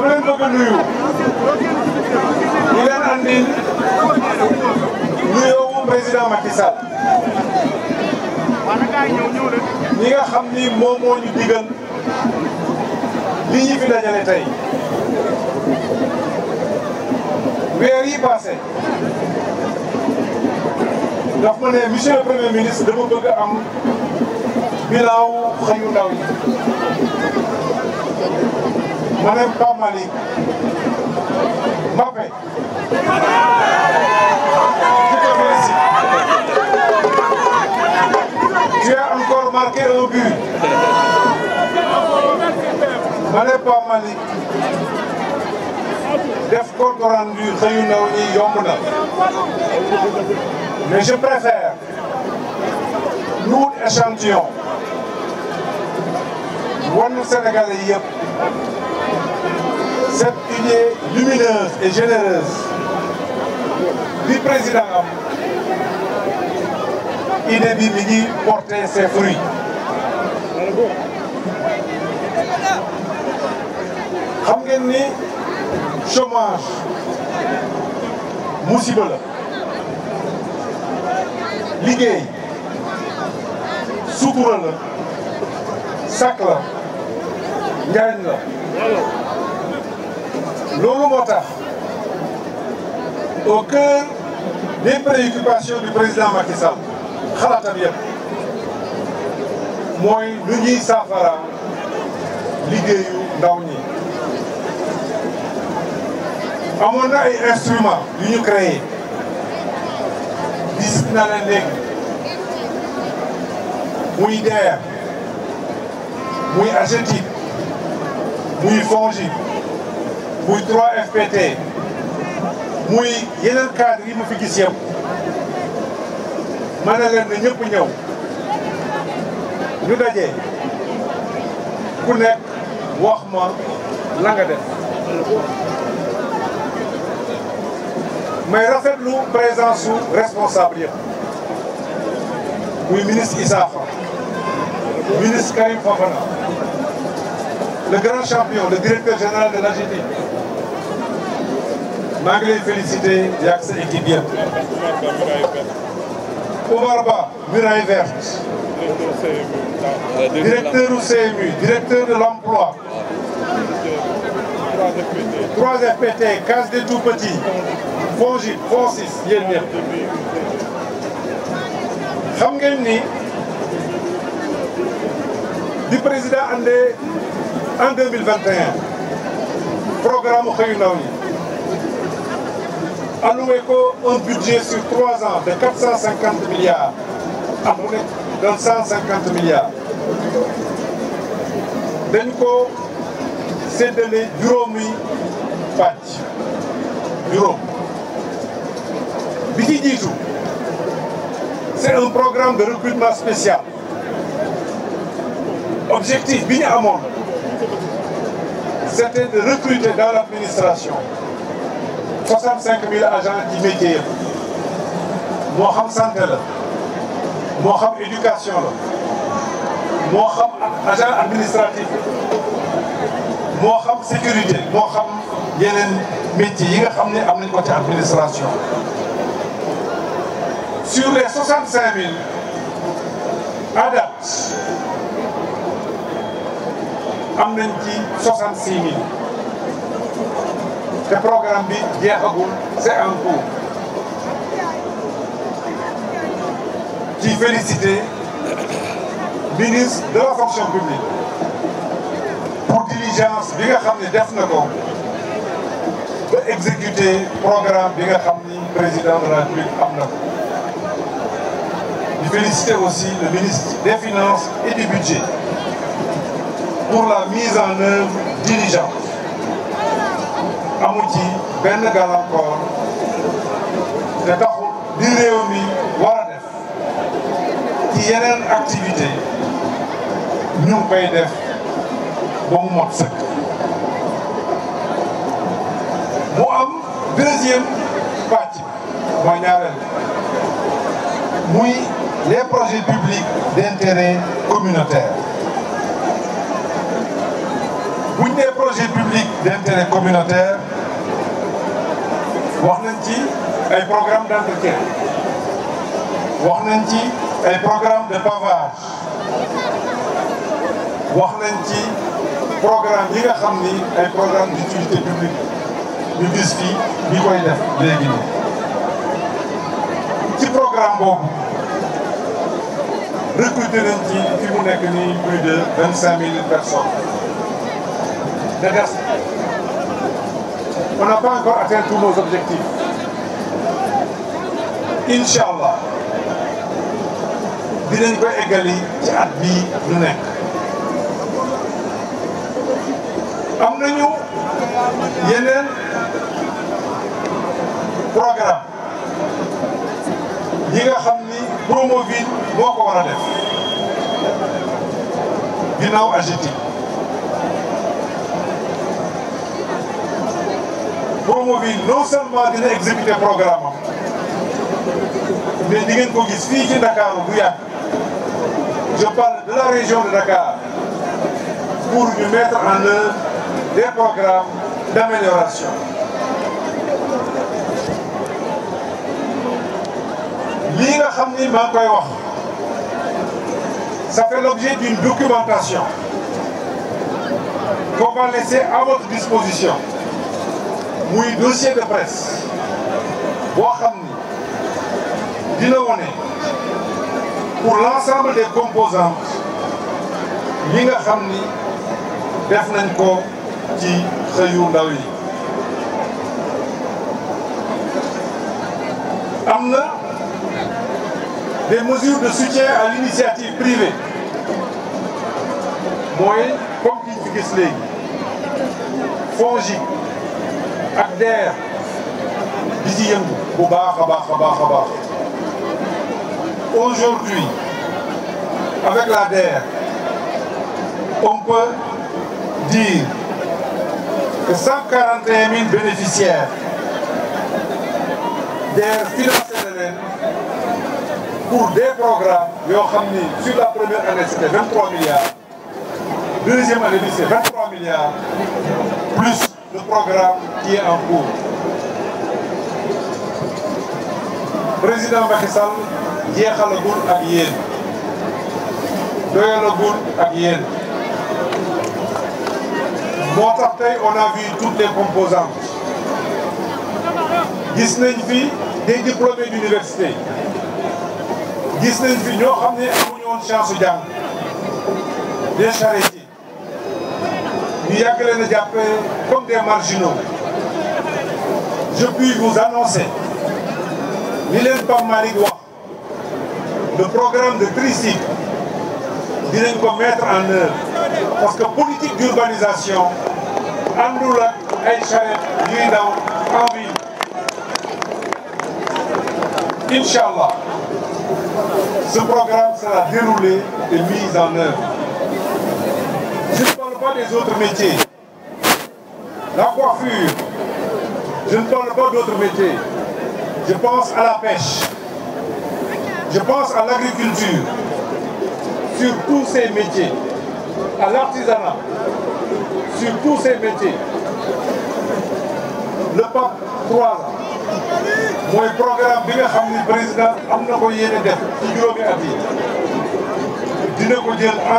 dama leen bëgg a nuyu di leen andil nuyoowu président Macky Sall ñi nga xam ni moom moo ñu digal li ñu fi dajale tey weer yi passé ne monsieur le premier ministre dama bëgg am bilan wu yi Madame Pape Malick Mbappé tu as encore marqué un but Madame Pape Malick def compte rendu xëyu ndaw ñi yomb na mais je préfère ñu wut échantillon wan Sénégalais yëpp cette idée lumineuse et généreuse bi président am idée bi mi ngi porter ses fruits xam ni chômage musiba la liggéey sutura la loolu moo tax au cœur des préoccupations du président Macky Sall xalaatam yëpp mooy lu ñuy saafara liggéeyu ndaw ñi. amoon na ay instruments yu ñu créé gis na leen léegi muy DER muy AGETIP muy muy 3FPT muy yeneen cadre yi ma fi gis yëpp ma ne leen ne ñëpp ñëw ñu daje ku nekk wax ma langa nga def may rafetlu présence su responsable yëpp muy ministre Isaafa ministre Karim Fofana le grand champion le directeur général de l'AGETIP maa ngi lay félicité yaag sa équipe yëpp. Omar Ba directeur u CMU directeur de l'emploi. 3FPT case des tout petits. FONGIP FONSIS yéen ñëpp. xam président andee en programme xëyu alloué ko un budget sur trois ans de 450 milliards am ah, mu nekk dans 150 milliards dañ ko séddale juróomi pàcc juróom bi ci jiitu c'est un programme de recrutement spécial objectif bi ñu amoon c'était de recruter dans l'administration 65 000 agents ci métier yëpp moo xam santé la moo xam éducation la moo xam agent administratif moo xam sécurité moo xam yeneen métiers yi nga xam ne am nañ ko ci administration sur les 65 000 à date am nañ ci 66 000. te programme bi jeexagul c'est en cours ci féliciter ministre de la fonction publique pour diligence bi nga xam ne def na ko ba exécuter programme bi nga xam ni président de la République am na ko di féliciter aussi le ministre des Finances et du Budget pour la mise en œuvre diligente amul ci benn gàllankoor te taxul di réew mi war def ci yeneen activité ñu ngi koy def ba mu mot sëkk mu am deuxième pàcc mooy ñaareel muy les projet publics d'intérêt communautaire bu de nee projet public d'intérêt communautaire wax nañ ci ay programme d'entretien wax nañ ci ay programme de pavage wax nañ ci programme yi nga xam ni ay programme d'utilité publique ñu gis fii ñi koy def léegi nii ci programme boobu recruter nañ ci fi mu nekk nii plus de vingt cinq mille personnes de on n'a pas encore atteint tous nos objectifs. incha allah dinañ ko eggali am nañu yeneen programme yi nga xam ni Promoville moo ko war a def Promoville non seulement dina exécuter programme gis bu yàgg je parle de la région de Dakar pour ñu mettre en œuvre des programmes d'amélioration lii nga ni maa ngi koy fait l'objet d'une documentation qu'on va laisser à votre disposition muy dossier de presse boo xam ni dina wone pour l'ensemble des composantes li nga xam ni def nañ ko ci xëyu ndaw am na des mesures de soutien à l'initiative privée mooy comme ki ñu fi gis léegi DER di ci baax a baax a baax a baax la DER on peut dire que 141 000 bénéficiaires DER financé na leen pour des programmes yoo xam ni sur la première année c'était 23 milliards deuxième année bi c'est 23 milliards programme qui est en cours. président Macky Sall jeexalagul ak yéen doyalagul ak yéen moo tax tey on a vu toutes les composantes gis nañ fi des diplômés d'université gis nañ fi ñoo xam ne amuñu woon chance su jàng des charretiers ñu yàgg leen a jàppee comme des marginaux je puis vous annoncer le programme de Tricid dinañ ko en œuvre parce que politique d'urbanisation àndul ak ay charrette yuy daw en ville incha allah ce programme sera déroulé et mis en œuvre pas des autres métiers. La coiffure, je Je pense à la Je pense à l'agriculture. Sur tous ces métiers. À l'artisanat. Sur tous ces métiers. Le pape 3 mooy programme bi nga président am na ko yéene def ci juróomi at yi dina ko jël en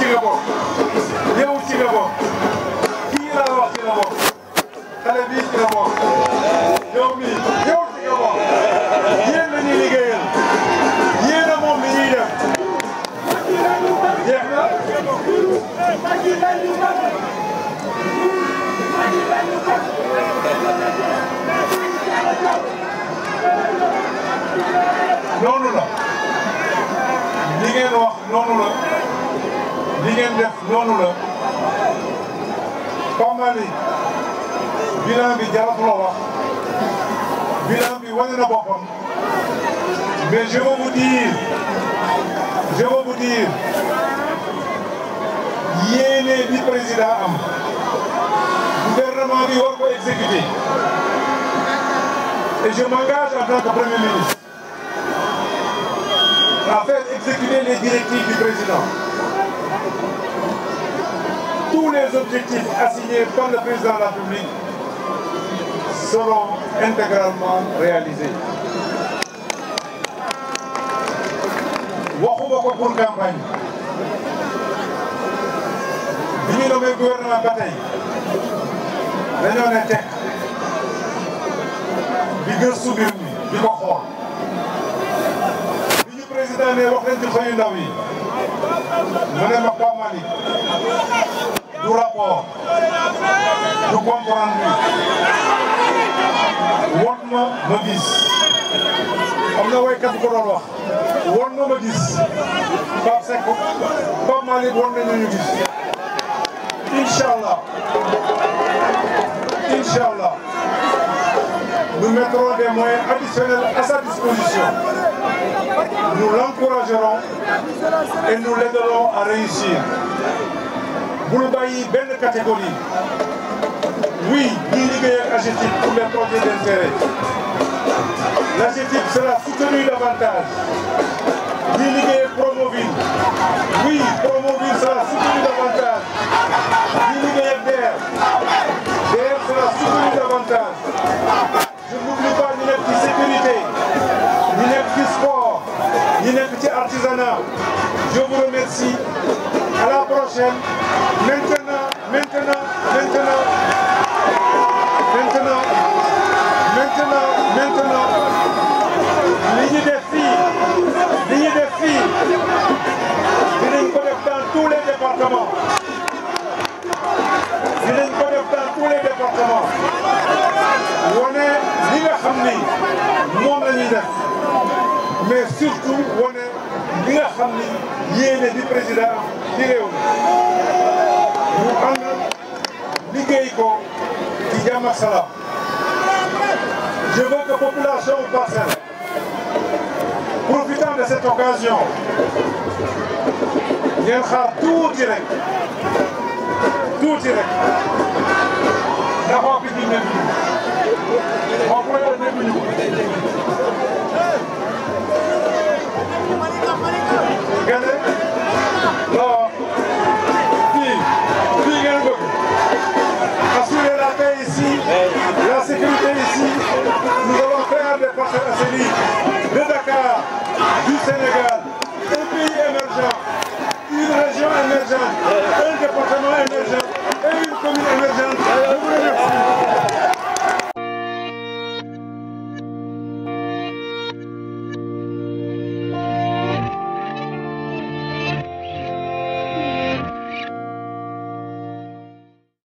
ci nga bokk yow ci nga bokk kii laa wax ci nga bokk xale bii ci nga bokk yow mii yow ci nga bokk yéen la ñuy liggéeyal yéen a moom li ñuy def jeex na. noonu la li ngeen wax noonu la. li ngeen def noonu la Pambali bi jaratuloo wax bilan bi wane na boppam mais je veux vous dire je veux bi président am gouvernement bi ko exécuter et je m'engage en tant que premier ministre à faire exécuter les directives du président tous les objectifs assignés par le président la République seront intégralement réalisés. waxuma ko pour campagne bi ñu nommé gouvernement ba tey dañoo ne teg président ne wax nañ yi mu ne ma Pape Malick du rapport du compte rendu won ma ma gis am na waykat bu ko doon wax won ma ma gis Pape Seck Pape Malick won nañu ñu gis incha allah incha allah nous mettrons des moyens additionnels à sa disposition nous l'encouragerons et nous l'aiderons à réussir. Bouloubaï, belle catégorie. Oui, Guinée AGTIP pour les projets d'intérêt. L'AGTIP sera soutenu davantage. Guinée Promoville. Oui, Promoville sera soutenu davantage. Guinée DER. DER sera soutenu davantage. Maintenant, maintenant, maintenant, maintenant, maintenant, maintenant, maintenant, ligne des filles, ligne des filles, dinañ ko def dans tous les départements. dinañ ko def dans tous les départements. wane li nga xam ni moom la ñuy def mais surtout wane li nga xam ni yéene di président di réew mi Marsala. Je veux que la population de Marsala, profitant de cette occasion, ngeen xaar tuuti rek tuuti rek ndax waa Pikine nekk nañu waa Poyol nekk nañu ko. Sénégal